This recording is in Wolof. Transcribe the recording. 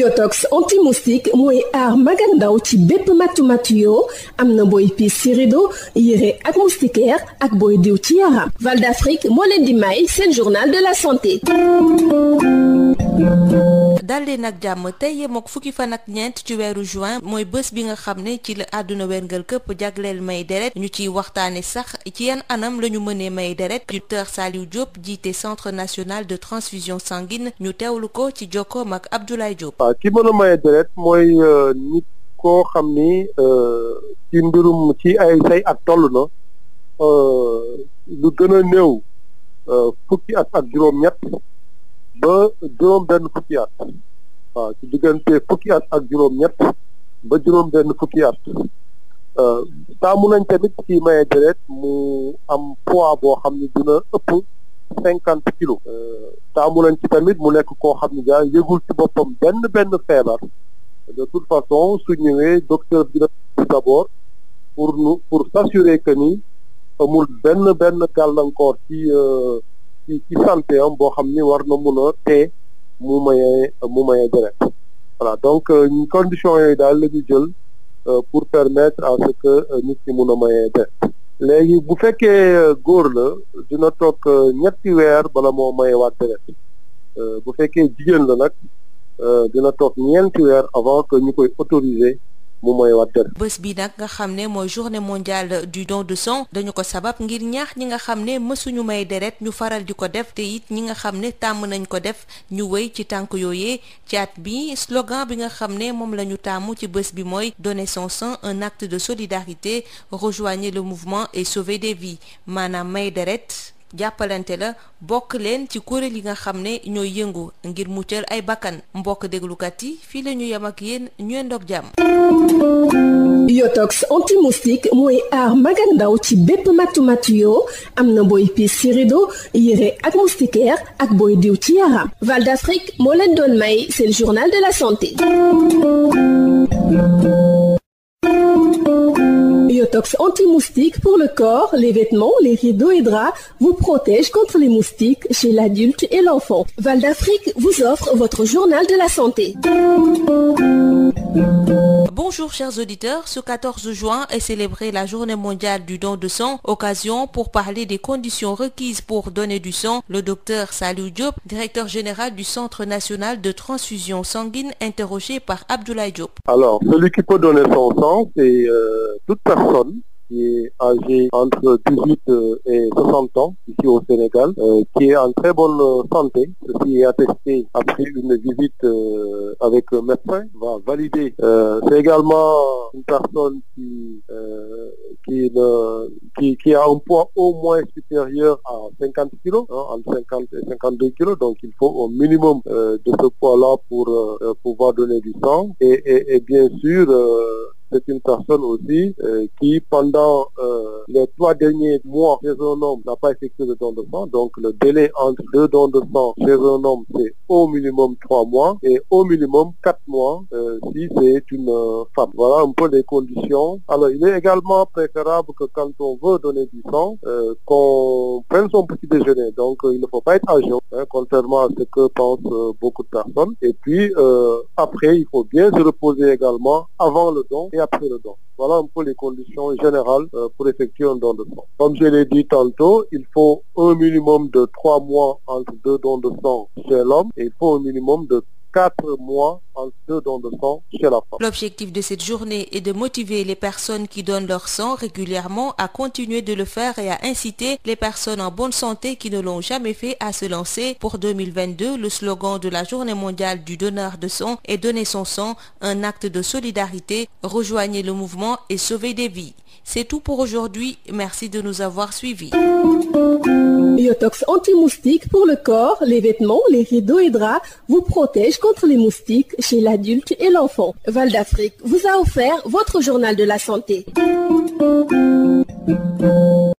biotox anti-moustique mooy aar mag ndaw ci bépp matu-matu yoo am na booy piis ci ak moustiquaire ak booy diw ci yaram moo leen di may seen journal de la santé daldi nag jàmm tey yem ak fukki fan ak ñeent ci weeru juin mooy bés bi nga xam ne ci la àdduna wérngal këpp jagleel may deret ñu ciy waxtaane sax ci yan anam la ñu mënee may deret docteur Saliou Diop jiite centre national de transfusion sanguine ñu teewlu ko ci jokkoom ak Abdoulaye Diop waaw ki mën a maye deret mooy euh, nit koo xam ni euh, ci mbirum ci ay say at toll na euh, lu gën a néew fukki at ak juróom-ñett ba juróom-benn fukki at waaw ci diggante fukki at ak juróom-ñett ba juróom-benn fukki at taamu nañ tamit ci maye deret mu am poids boo xam ni dina ëpp cinquante kilos. te amu ci tamit mu nekk koo xam ne daal yëgul ci boppam benn benn feebar de toute façon su ñëwee docteur bi d'abord pour nu pour s'assurer que ni amul benn benn gàllankoor ci euh, ci ci boo xam ni war na mun a mu mayee mu mayee deret voilà donc euh, condition yooyu daal la jël euh, pour permettre à ce que nit ñi mun a mayee deret léegi bu fekkee euh, góor la dina toog euh, ñetti weer bala moo mayewaat deret euh, bu fekkee jigéen la nag dina toog ñeenti weer avant que ñu koy autoriser moom bés bi nag nga xam ne mooy journée mondiale du don de sang dañu ko sabab ngir ñax ñi nga xam ne mësuñu may deret ñu faral di ko def te it ñi nga xam ne tàmm nañ ko def ñu wéy ci tànk yooyee ci at bi slogan bi nga xam ne moom la ñu tàmm ci bés bi mooy donner son sang un acte de solidarité rejoignez le mouvement et sauvez des vies maanaam may deret jàppalante la bokk leen ci kuréel yi nga xam ne ñooy yëngu ngir mu muccal ay bakkan mbokk déglukat yi fii la ñu yem ak yéen ñu ndoog jàmm yotox anti-moustique mooy aar magan ndaw ci bépp matu-matu yoo am na booy pis ci rido yére ak moustiquaire ak booy diw ci yaram Val d'Afrique moo leen doon may c'est le journal de la santé Inox pour le corps, les vêtements, les rideaux et draps vous protège contre les moustiques chez l'adulte et l'enfant. Val d'Afrique vous offre votre journal de la santé. Bonjour chers auditeurs, ce 14 juin est célébrée la journée mondiale du don de sang, occasion pour parler des conditions requises pour donner du sang. Le docteur Salou Diop, directeur général du Centre national de transfusion sanguine, interrogé par Abdoulaye Diop. qui est âgé entre 18 euh, et 60 ans ici au Sénégal, euh, qui est en très bonne euh, santé. Ceci est attesté après une visite avec un médecin, va valider. c'est également une personne qui, a un poids au moins supérieur à 50 kg, hein, et 52 donc il faut au minimum de ce poids-là pour pouvoir donner du sang. et bien sûr, c'est une personne aussi euh, qui pendant euh, les trois derniers mois chez un homme n'a pas effectué de don de sang, donc le délai entre deux dons de sang chez un homme, c'est au minimum trois mois et au minimum quatre mois euh, si c'est une euh, femme. Voilà un peu les conditions. il est également préférable que quand on veut donner du sang, euh, qu'on prenne son petit déjeuner. Donc, euh, il ne faut pas être à contrairement à ce que pensent beaucoup de personnes. Et après, il faut bien se reposer également avant le don Voilà un peu les conditions générales euh, pour effectuer un don de sang. Comme je l'ai dit tantôt, il faut un minimum de trois mois entre deux dons de sang chez l'homme et il faut un minimum de 4 mois en L'objectif de cette journée est de motiver les personnes qui donnent leur sang régulièrement à continuer de le faire et à inciter les personnes en bonne santé qui ne l'ont jamais fait à se lancer. Pour 2022, le slogan de la Journée mondiale du donneur de sang est Donner son sang, un acte de solidarité. Rejoignez le mouvement et sauvez des vies. C'est tout pour aujourd'hui. Merci de nous avoir suivis. Biotox anti pour le corps, les vêtements, les rideaux et draps vous protège contre les moustiques chez l'adulte et l'enfant. Val d'Afrique vous a offert votre journal de la santé.